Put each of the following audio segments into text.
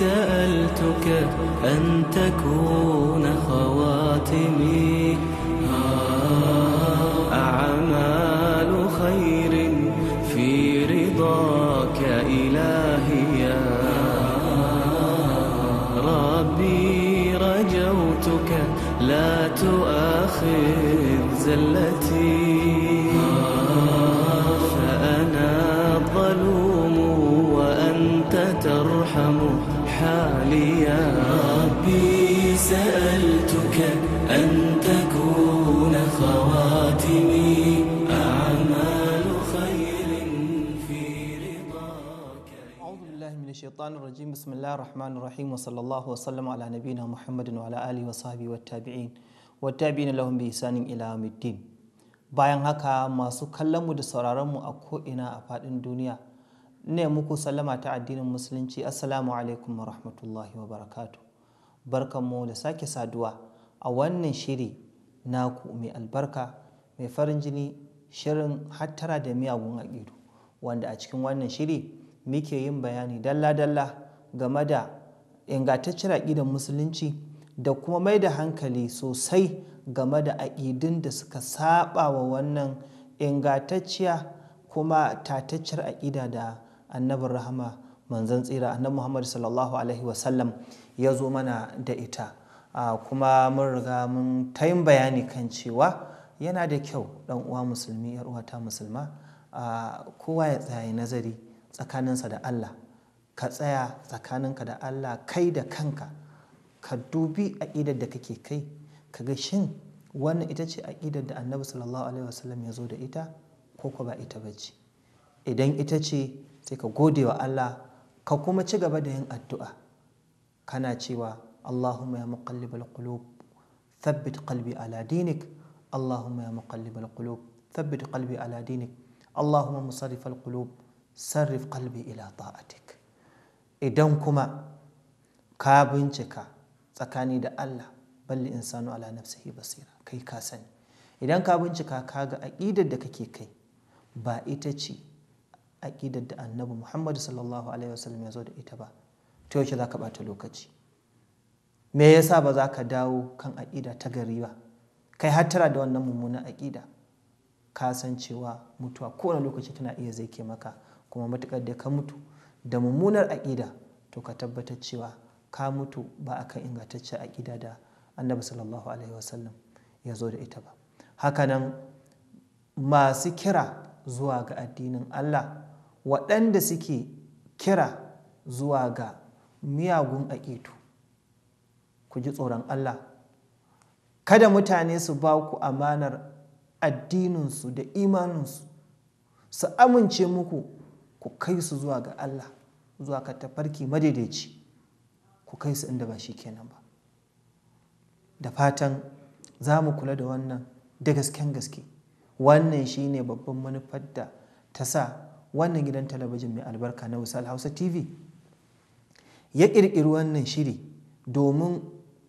سألتك أن تكون خواتمي أعمال خير في رضاك إلهي ربي رجوتك لا تؤاخذ زلتي الشيطان الرجيم بسم الله الرحمن الرحيم وصلى الله وسلم على نبينا محمد وعلى آله وصحبه والتابعين والتابعين لهم بإحسان إلى يوم الدين bayan haka masu kallon mu da mu a ko ina a faɗin duniya ne muku sallama ta addinin musulunci assalamu alaikum wa rahmatullahi wa barakatu barkanmu da sake saduwa a wannan shiri naku mai albarka mai farin jini shirin hattara da miyagun aƙidu wanda a cikin wannan shiri muke yin bayani dalla-dalla game da ingantaccen aƙidar musulunci da kuma mai da hankali sosai game da aƙidun da suka saba wa wannan ingantacciya kuma tatacciyar aƙida da annabin rahama manzan tsira annabi muhammad sallallahu alaihi wasallam ya zo mana da ita kuma mun riga mun tayin bayani kan cewa yana da kyau uwa musulmi uwata musulma kowa ya tsaye nazari tsakaninsa da Allah ka tsaya tsakaninka da Allah kai da kanka ka dubi aƙidar da kake kai ka ga shin wannan ita ce aƙidar da annabi sallallahu alaihi wasallam ya zo da ita ko ko ba ita ba ce idan ita ce sai ka gode wa Allah ka kuma ci gaba da yin addu'a kana cewa Allahumma ya muqallibal qulub thabbit qalbi ala dinik Allahumma ya muqallibal qulub thabbit qalbi ala dinik Allahumma musarrifal qulub sarrif qalbi ila ta'atik idan kuma ka bincika tsakani da Allah balli insanu ala nafsihi basira kai ka sani idan ka bincika ka ga aƙidar da kake kai ba ita ce aƙidar da annabi Muhammad sallallahu alaihi wasallam ya zo da ita ba ta yaushe zaka bata lokaci me yasa ba za ka dawo kan aƙida ta gari ba kai hattara da wannan mummunan aƙida ka san cewa mutuwa kowane lokaci tana iya zai ke maka kuma matukar da ka mutu da mummunar aƙida to ka tabbatar cewa ka mutu ba a kan ingantaccen aƙida da annabi sallallahu alaihi wasallam ya zo da ita ba hakanan masu kira zuwa ga addinin allah waɗanda suke kira zuwa ga miyagun aƙidu ku ji tsoron allah kada mutane su ba ku amanar addininsu da imaninsu su amince muku ku kai su zuwa ga Allah zuwa ka tafarki madaidaici ku kai su inda ba shi kenan ba da fatan za mu kula da wannan da gasken gaske wannan shi ne babban manufar da ta sa wannan gidan talabijin mai albarka na wasu hausa tv ya ƙirƙiri wannan shiri domin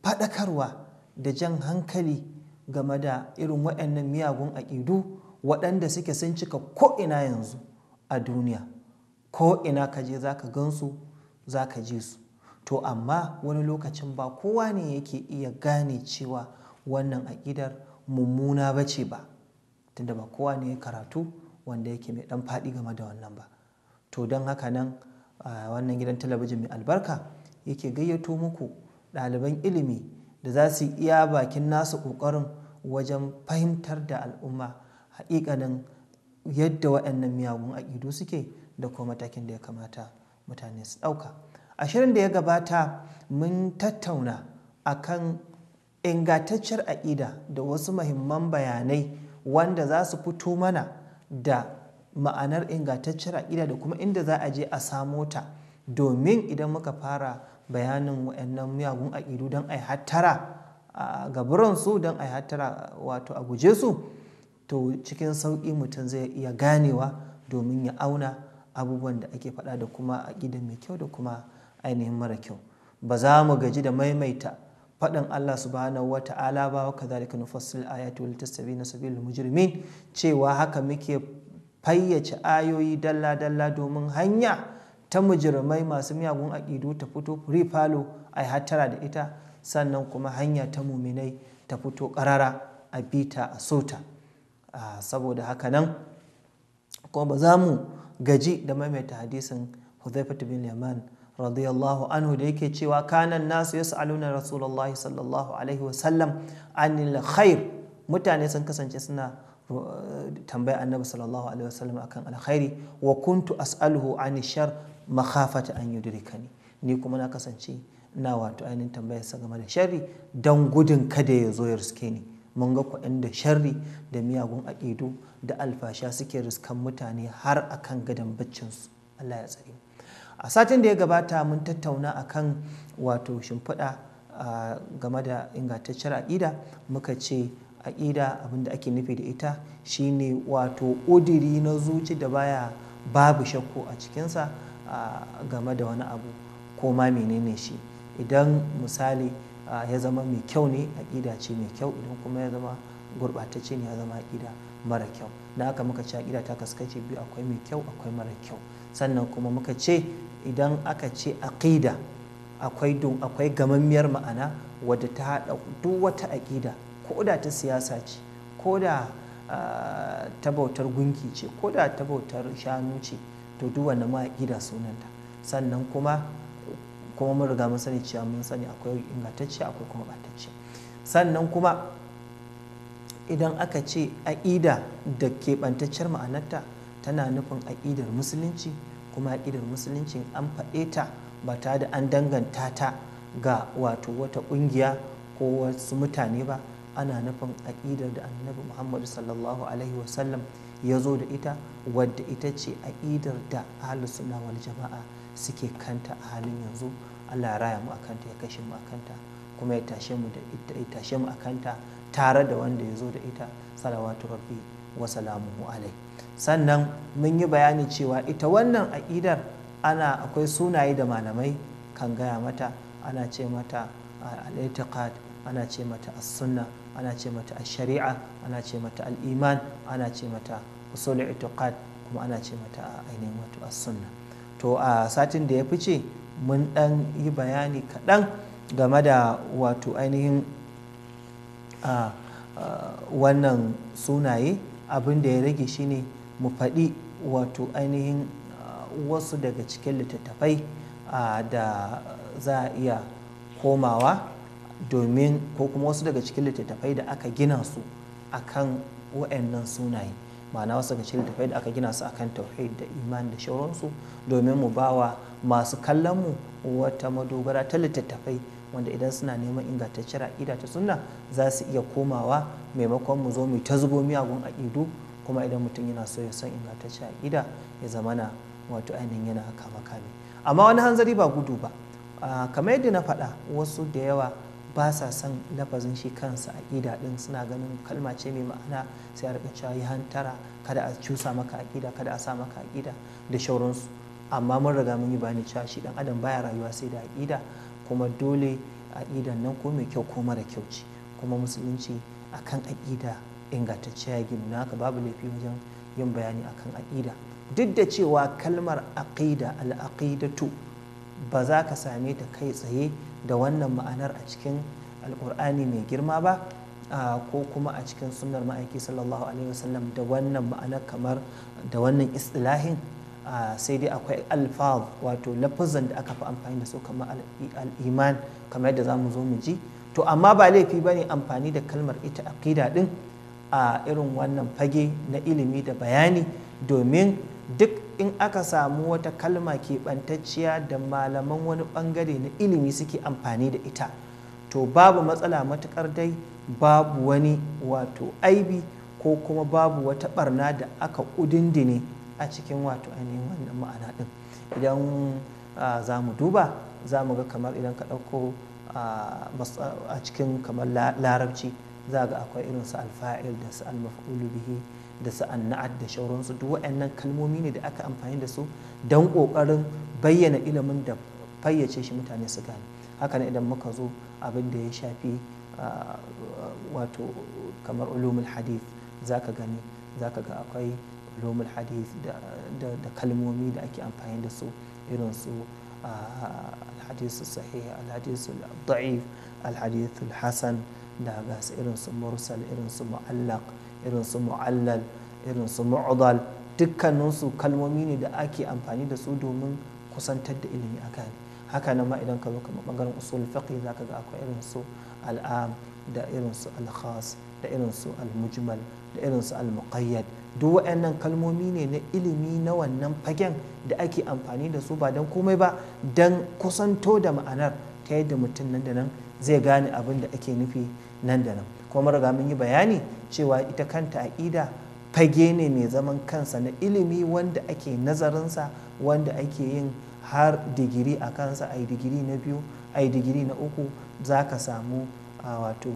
faɗakarwa da jan hankali game da irin waɗannan miyagun aƙidu waɗanda suke sun cika ko'ina yanzu a duniya ko'ina ka je za ka gansu za ka ji su to amma wani lokacin ba kowa ne yake iya gane cewa wannan aƙidar mummuna ba ce ba tunda ba kowa ne ya karatu wanda yake mai ɗan faɗi game da wannan ba to don haka nan wannan gidan talabijin mai albarka yake gayyato muku ɗaliban ilimi da za su iya bakin nasu ƙoƙarin wajen fahimtar da al'umma haƙiƙanin yadda waɗannan miyagun aƙidu suke da kuma matakin da ya kamata mutane su ɗauka a shirin da ya gabata mun tattauna a kan ingantacciyar aƙida da wasu mahimman bayanai wanda za su fito mana da ma'anar ingantacciyar aƙida da kuma inda za a je a samo ta domin idan muka fara bayanin waɗannan miyagun aƙidu don a hattara don a hattara wato a guje su to cikin sauƙi mutum zai iya ganewa domin ya auna abubuwan da ake faɗa da kuma aƙida mai kyau da kuma ainihin mara kyau ba za mu gaji da maimaita faɗin Allah subhanahu wa ta'ala ba wa kadhalika nufassil ayati wal tastabina sabil mujrimin cewa haka muke fayyace ayoyi dalla dalla domin hanya ta mujirmai masu miyagun aƙidu ta fito free falo a hattara da ita sannan kuma hanya ta muminai ta fito ƙarara a bita a sota ah, saboda haka nan kuma ba za mu gaji da maimaita hadisin Hudhaifatu bin Yaman radiyallahu anhu da yake cewa kanan nasu na rasulallah sallallahu alaihi wa sallam anil khair mutane sun kasance suna eh, tambaya annabi sallallahu alaihi wa akan alkhairi wa kuntu as'aluhu an shar makhafata an yudrikani ni kuma na kasance na wato ainihin tambayar sa game da sharri don gudun kada ya zo ya riske ni mun ga kuɗin da sharri da miyagun aƙidu da alfasha suke riskan mutane har akan gadon baccinsu Allah ya tsare a satin da ya gabata mun tattauna akan wato shimfiɗa game da ingantaccen aƙida muka ce aƙida abin da ake nufi da ita shine wato ƙudiri na zuci da baya babu shakku a cikinsa game da wani abu ko ma menene shi idan misali ya zama mai kyau ne aƙida ce mai kyau idan kuma ya zama gurɓatacce ne ya zama aƙida mara kyau da aka muka ce aƙida ta kaskace biyu akwai mai kyau akwai mara kyau sannan kuma muka ce idan aka ce aƙida akwai dun akwai gamammiyar ma'ana wadda ta haɗa duk wata aƙida ko da ta siyasa ce ko da ta bautar gunki ce ko da ta bautar shanu ce to duk wanda ma sunanta sannan kuma kuma mun riga mun sani cewa mun sani akwai ingantacce akwai kuma batacce sannan kuma idan aka ce aƙida da keɓantacciyar ma'anarta tana nufin aƙidar musulunci kuma aƙidar musulunci an faɗe ta ba ta da an danganta ta ga wato wata ƙungiya ko wasu mutane ba ana nufin aƙidar da annabi muhammadu sallallahu alaihi wasallam ya zo da ita wadda ita ce a idar da ahlus sunawar wal jama'a suke kanta a halin yanzu Allah raya mu akanta ya kashe mu akanta kuma ya tashe mu da ita akanta tare da wanda ya zo da ita salawatu rabbi wa salamuhu alai sannan mun yi bayani cewa ita wannan a idar ana akwai sunaye da malamai kan gaya mata ana ce mata al ana ce mata as-sunna ana ce mata shari'a ana ce mata al'iman ana ce mata usul itiqad kuma ana ce mata ainihin wato as-sunna to a satin da ya fice mun dan yi bayani kaɗan game da wato ainihin wannan sunaye abin da ya rage shine mu faɗi wato ainihin wasu daga cikin littattafai da za a iya komawa domin ko kuma wasu daga cikin littattafai da aka gina su akan wa'annan sunaye ma'ana wasu daga cikin littattafai da aka gina su akan tauhid da iman da shauransu domin mu ba wa masu kallon mu wata madogara ta littattafai wanda idan suna neman ingantacciyar aƙida ta sunna za su iya komawa maimakon mu zo mu ta zubo miyagun aƙidu kuma idan mutum yana so ya san ingantacciyar aƙida ya zamana wato ainihin yana kama kame amma wani hanzari ba gudu ba ah, kamar yadda na faɗa wasu da yawa ba sa son lafazin shi kansa aƙida ɗin suna ganin kalma ce mai ma'ana sai a rikin yi hantara kada a cusa maka aƙida kada a sa maka aƙida da shauransu amma mun riga mun yi bani cewa shi dan adam baya rayuwa sai da aƙida kuma dole aƙidan nan ko mai kyau ko mara kyau ce kuma musulunci akan aƙida ingantacce ya gina haka babu laifi wajen yin bayani akan aƙida duk da cewa kalmar aƙida al-aqidatu ba za ka same ta kai tsaye da wannan ma'anar a cikin alkur'ani mai girma ba ko kuma a cikin sunnar ma'aiki sallallahu alaihi wasallam da wannan ma'anar kamar da wannan istilahin sai dai akwai alfaz wato lafazan da aka fi amfani da su kamar al'iman kamar yadda za mu zo mu ji to amma ba laifi ba ne amfani da kalmar ita akida din a irin wannan fage na ilimi da bayani domin duk in aka samu wata kalma keɓantacciya da malaman wani ɓangare na ilimi suke amfani da ita to babu matsala matuƙar dai babu wani wato aibi ko kuma babu wata ɓarna da aka ƙudindine a cikin wato ainihin wannan ma'ana ɗin idan za mu duba za mu ga kamar idan ka ɗauko a cikin kamar larabci za ga akwai irin su alfa'il da su almaf'ulu bihi da sa'anna'at da shauransu duk waɗannan kalmomi ne da aka amfani da su don ƙoƙarin bayyana ilimin da fayyace shi mutane su gane ne idan muka zo abin da ya shafi wato kamar ulumul hadith za ka gani za ka ga akwai ulumul hadith da kalmomi da ake amfani da su irin su alhadisu sahih alhadisu da'if alhadisu Hassan da gasa, irin su mursal irin su irinsu mu'allal irinsu su mu'udal dukkaninsu kalmomi ne da ake amfani da su domin kusantar da ilimi a kan haka nan ma idan ka zo kamar bangaren usul fiqh za ka ga akwai irin su al'am da irin su al-khas da irin su al-mujmal da irin su al-muqayyad duk waɗannan kalmomi ne na ilimi na wannan fagen da ake amfani da su ba don komai ba don kusanto da ma'anar ta yadda mutum nan da nan zai gane abin da ake nufi nan da nan kuma riga mun yi bayani cewa ita kanta aƙida fage ne mai zaman kansa na ilimi wanda ake nazarinsa wanda ake yin har digiri a kansa ai digiri na biyu ai digiri na uku za ka samu wato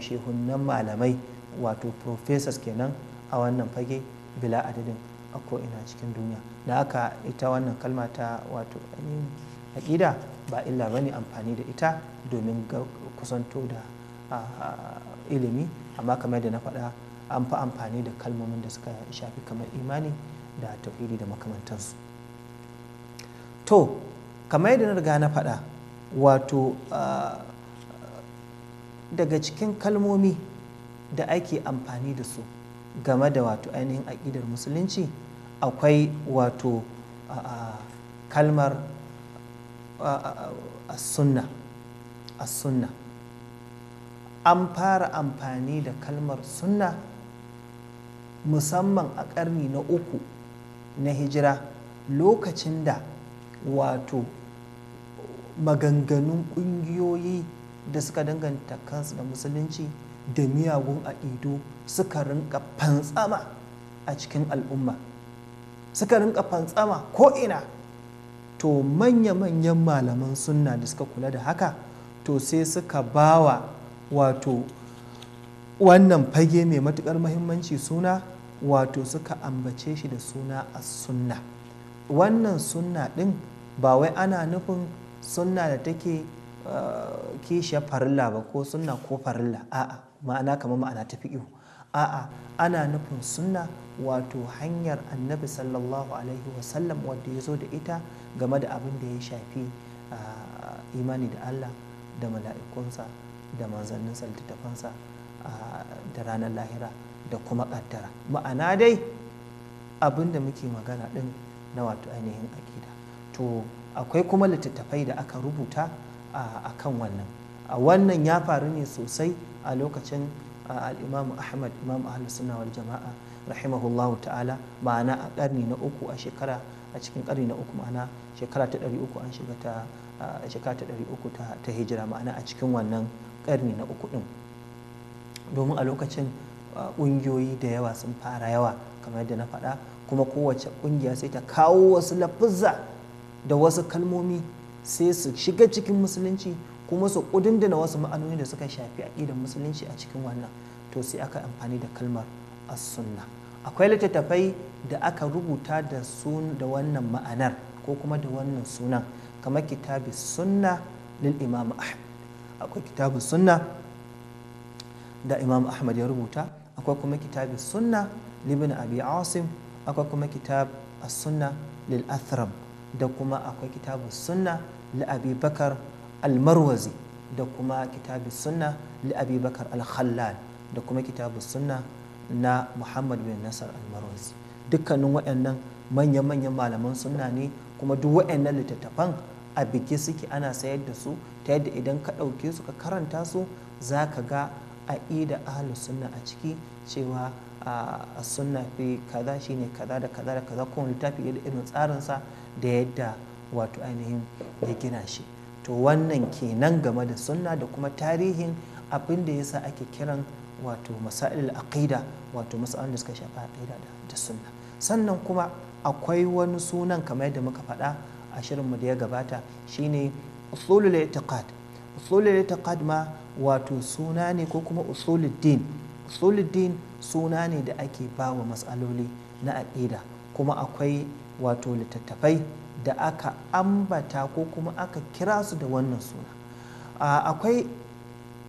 shehunan malamai wato professors kenan a wannan fage bila adadin a ko'ina cikin duniya da aka ita wannan kalma ta wato aƙida ba illa bane amfani da ita domin kusanto da ilimi amma kamar da na faɗa an fi amfani da kalmomin da suka shafi kamar imani da tauhidi da makamantansu to kamar da na riga na faɗa wato daga cikin kalmomi da ake amfani da su game da wato ainihin aƙidar musulunci akwai wato kalmar sunna sunna an fara amfani da kalmar sunna musamman a ƙarni na uku na hijira lokacin da wato maganganun ƙungiyoyi da suka danganta kansu da musulunci da miyagun ido suka rinka fantsama a cikin al'umma suka rinka fantsama ko'ina to manya-manyan malaman sunna da suka kula da haka to sai suka bawa wato wannan fage mai matukar mahimmanci suna wato suka ambace shi da suna a sunna wannan sunna din ba wai ana nufin sunna da take uh, kishiyar farilla ba ko sunna ko farilla a'a ma'ana kamar ma'ana ta fi'iu a'a ana nufin sunna wato hanyar annabi sallallahu alaihi wasallam wadda ya zo da ita game da abin da ya shafi uh, imani da allah da mala'ikunsa da manzannin littattafansa da ranar lahira da kuma kaddara ma'ana dai abin da muke magana din na wato ainihin akida to akwai kuma littattafai da aka rubuta a kan wannan a wannan ya faru ne sosai a lokacin al'imamu ahmad imam ahlus sunna wal jama'a rahimahullahu ta'ala ma'ana a karni na uku a shekara a cikin karni na uku ma'ana shekara ta ɗari uku an shiga ta shekara ta ɗari uku ta hijira ma'ana a cikin wannan karni na uku din domin a lokacin ƙungiyoyi da yawa sun fara yawa kamar yadda na faɗa kuma kowace ƙungiya sai ta kawo wasu lafuzza da wasu kalmomi sai su shiga cikin musulunci kuma su na wasu ma'anoni da suka shafi aƙidar musulunci a cikin wannan to sai aka amfani da kalmar as-sunna akwai littattafai da aka rubuta da sun da wannan ma'anar ko kuma da wannan sunan kamar kitabi, sunna lil imam ahmad akwai kitabun sunna da imam ahmad ya rubuta akwai kuma kitabun sunna libin abi asim akwai kuma kitab sunna lil athram da kuma akwai kitabun sunna li abi bakar almarwazi da kuma kitabun sunna li abi bakar al da kuma kitabun sunna na muhammad bin nasar almarwazi dukkanin waɗannan manya-manyan malaman sunna ne kuma duk waɗannan littattafan a bikin suke ana sayar da su ta yadda idan ka ɗauke su ka karanta su za ka ga a da ahalus sunna a ciki cewa a sunna fi kaza shine kaza da kaza da kaza kuma littafi da irin tsarinsa da yadda wato ainihin ya gina shi to wannan kenan game da sunna da kuma tarihin abin da yasa ake kiran wato masail aqida wato masalan da suka shafi aqida da sunna sannan kuma akwai wani sunan kamar yadda muka faɗa a shirinmu da ya gabata shine usulul i'tiqad usulul i'tiqad ma wato suna ne ko kuma usulul din usulul din suna ne da ake bawa matsaloli na aqida kuma akwai wato littattafai da aka ambata ko kuma aka kira su da wannan suna akwai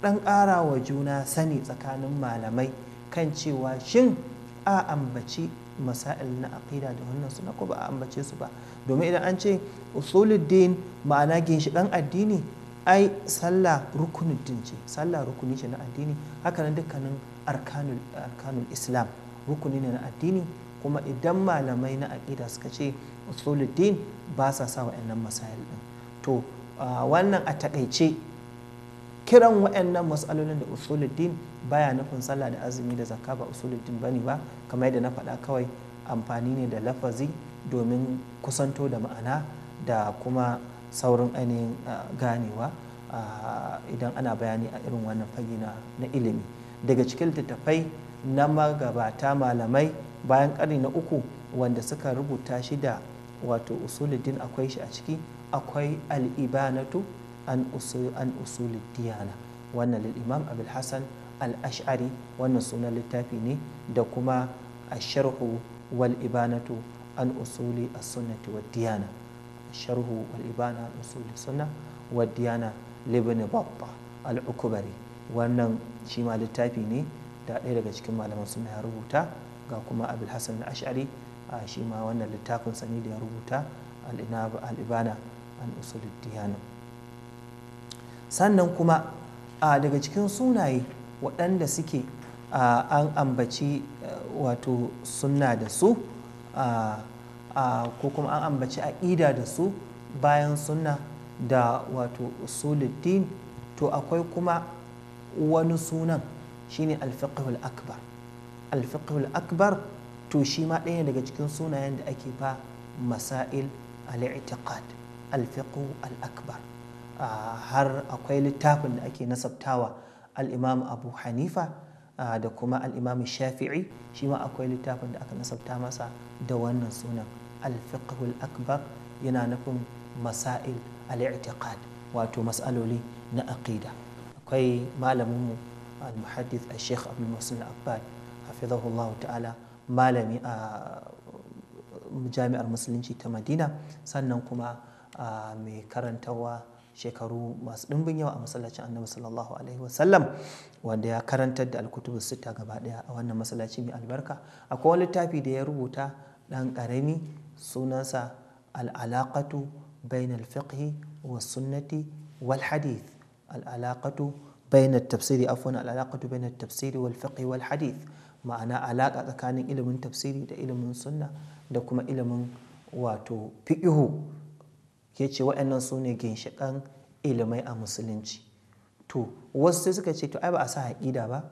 ɗan ƙara wa juna sani tsakanin malamai kan cewa shin a ambaci masail na aqida da wannan suna ko ba a ambace su ba domin idan an ce usuluddin ma'ana ginshiƙan addini ai sallah rukunin din ce sallah rukuni ce na addini haka nan dukkanin arkanul arkanul islam rukuni ne na addini kuma idan malamai na aqida suka ce usuluddin ba sa sa wa'annan masail din to wannan a takaice kiran wa'annan matsalolin da usuluddin baya nufin sallah da azumi da zakka ba usuluddin bane ba kamar yadda na faɗa kawai amfani ne da lafazi domin kusanto da ma'ana da kuma saurin ainihin ganewa idan ana bayani a irin wannan fagi na ilimi daga cikin littattafai na magabata malamai bayan ƙarni na uku wanda suka rubuta shi da wato usuluddin akwai shi a ciki akwai al'ibanatu an usulid diyana wannan lil imam abul hassan al-ash'ari wannan sunan littafi ne da kuma sharhu wal ibanatu an usuli a sunnati wa diyana sharhu wal ibana an usuli sunna wa diyana libin babba al wannan shi ma littafi ne da ɗaya daga cikin malaman suna ya rubuta ga kuma abul hasan al-ash'ari shi ma wannan littafin sani da ya rubuta al-ibana an usuli diyana sannan kuma a daga cikin sunaye waɗanda suke an ambaci wato sunna da su ko kuma an ambaci aƙida da su bayan sunna da wato usuluddin to akwai kuma wani sunan shine alfiqhul akbar alfiqhul akbar to shi ma ɗaya daga cikin sunayen da ake ba masail al-i'tiqad alfiqhu al-akbar har akwai littafin da ake nasabtawa al'imam abu hanifa da kuma al'imam shafi'i shi ma akwai littafin da aka nasabta masa da wannan sunan al-fiqhul akbar yana nufin masail al-i'tiqad wato mas'aloli na aqida akwai malaminmu al-muhaddith al-sheikh abdul muhsin abbad hafizahullah ta'ala malami a jami'ar musulunci ta madina sannan kuma mai karantawa shekaru masu ɗimbin yawa a masallacin annabi sallallahu alaihi wasallam wanda ya karantar da alkutubu sita gaba ɗaya a wannan masallaci mai albarka akwai wani littafi da ya rubuta ɗan ƙarami sunansa al'alaƙatu bainal fiqhi wa sunnati wal hadith al'alaƙatu bainal tafsiri afwan al'alaƙatu bainal tafsiri wal fiqhi wal hadith ma'ana alaƙa tsakanin ilimin tafsiri da ilimin sunna da kuma ilimin wato fiƙihu ya ce waɗannan su ne ginshiƙan ilimai a musulunci to wasu sai suka ce to ai ba a sa haƙida ba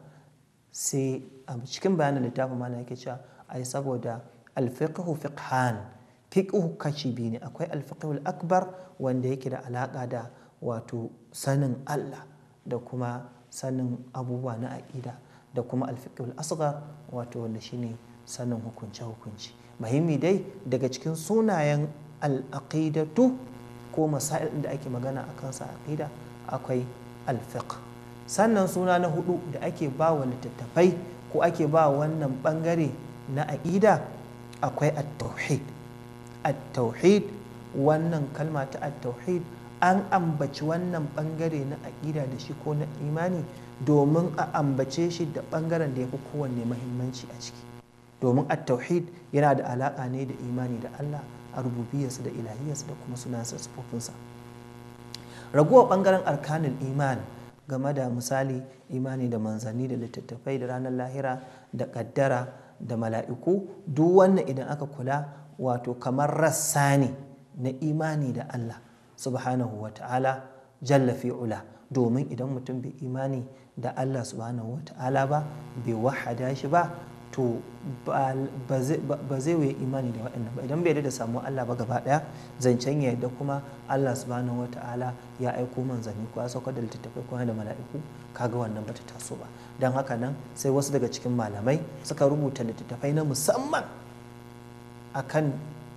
sai a cikin bayanin littafin mana yake cewa ai saboda alfiqhu fiqhan fiqhu kashi biyu ne akwai alfiqhu akbar wanda yake da alaƙa da wato sanin Allah da kuma sanin abubuwa na aƙida da kuma alfiqhu asghar wato wanda shine sanin hukunce hukunci muhimmi dai daga cikin sunayen al'aqidatu ko masail da ake magana a kansa aqida akwai alfiq sannan suna na hudu da ake ba wa littattafai ko ake ba wannan bangare na aqida akwai at-tauhid at-tauhid wannan kalma ta at-tauhid an ambaci wannan bangare na aƙida da shi ko na imani domin a ambace shi da bangaren da ya fi kowanne mahimmanci a ciki domin at-tauhid yana da alaƙa ne da imani da Allah a rububiyarsa da ilahiyarsa da kuma sunansa sufofinsa raguwa bangaren arkanin iman, game da misali imani da manzanni da littattafai da ranar lahira da kaddara da mala'iku duk wannan idan aka kula wato kamar rassa ne na imani da Allah subhanahu wa ta'ala jalla ula, domin idan mutum bai imani da Allah subhanahu wa ta'ala ba bai wahada shi ba to ba zai wuya imani da waɗannan ba idan bai da samu Allah ba gaba ɗaya zancen ya yadda kuma Allah subhanahu ta'ala ya aiko manzanni ko ya saukar da littattafai ko da mala'iku kaga wannan bata taso ba don haka nan sai wasu daga cikin malamai suka rubuta littattafai na musamman akan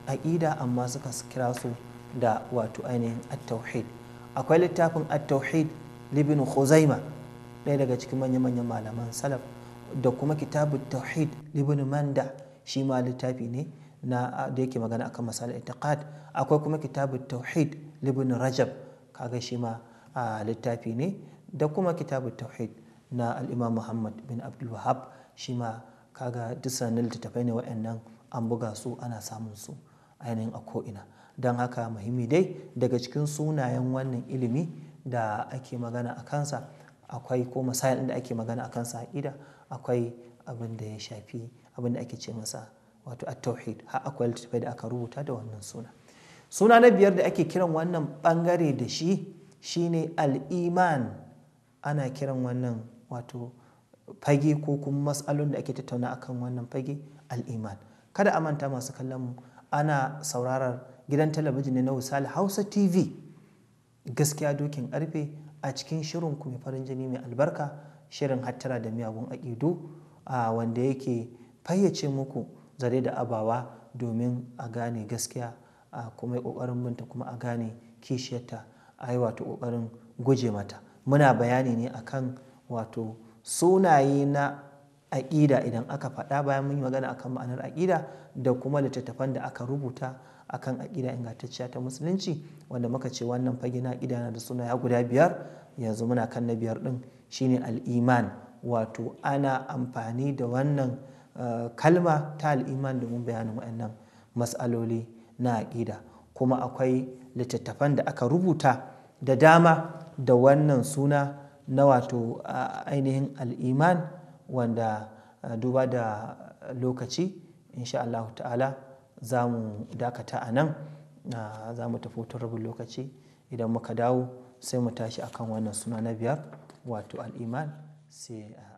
aƙida amma suka kira su da wato ainihin at-tauhid akwai littafin at-tauhid libin khuzaima ɗaya daga cikin manya-manyan malaman salaf da kuma kitabu tauhid ibn manda shi ma littafi ne na da yake magana akan masalar itiqad akwai kuma kitabu tauhid ibn rajab kaga shi ma littafi ne da kuma kitabu tauhid na al-imam muhammad bin abdul wahab shi ma kaga duk sanin littattafai ne waɗannan an buga su ana samun su ainihin a ko'ina don haka muhimmi dai daga cikin sunayen wannan ilimi da ake magana a kansa akwai ko masayin da ake magana a kansa aƙida akwai abin da ya shafi abin da ake ce masa wato at-tauhid har akwai littattafai da aka rubuta da wannan suna suna na biyar da ake kiran wannan bangare da shi shine al-iman ana kiran wannan wato fage ko kuma matsalolin da ake tattauna akan wannan fage al-iman kada a manta masu kallon mu ana sauraron gidan talabijin ne na Wisal Hausa TV gaskiya dokin karfe a cikin shirin ku mai farin jini mai albarka shirin hattara da miyagun aƙidu wanda yake fayyace muku zare da abawa domin a gane gaskiya a kuma ƙoƙarin binta kuma a gane kishiyarta a yi wato ƙoƙarin guje mata muna bayani ne akan wato sunaye na aƙida idan aka faɗa bayan mun yi magana akan ma'anar aƙida da kuma littattafan da aka rubuta akan aƙida ingantacciya ta musulunci wanda muka ce wannan fage na aƙida na da sunaya guda biyar yanzu muna kan na biyar ɗin shine al'iman wato ana amfani da wannan eh, kalma ta al'iman domin bayanin waɗannan matsaloli na aƙida kuma akwai littattafan da aka rubuta da dama da wannan suna na wato eh, ainihin al'iman wanda eh, duba da lokaci insha Allah ta'ala za mu dakata a nan za mu tafi rabin lokaci idan muka dawo sai mu tashi akan wannan suna na biyar wato al'iman sai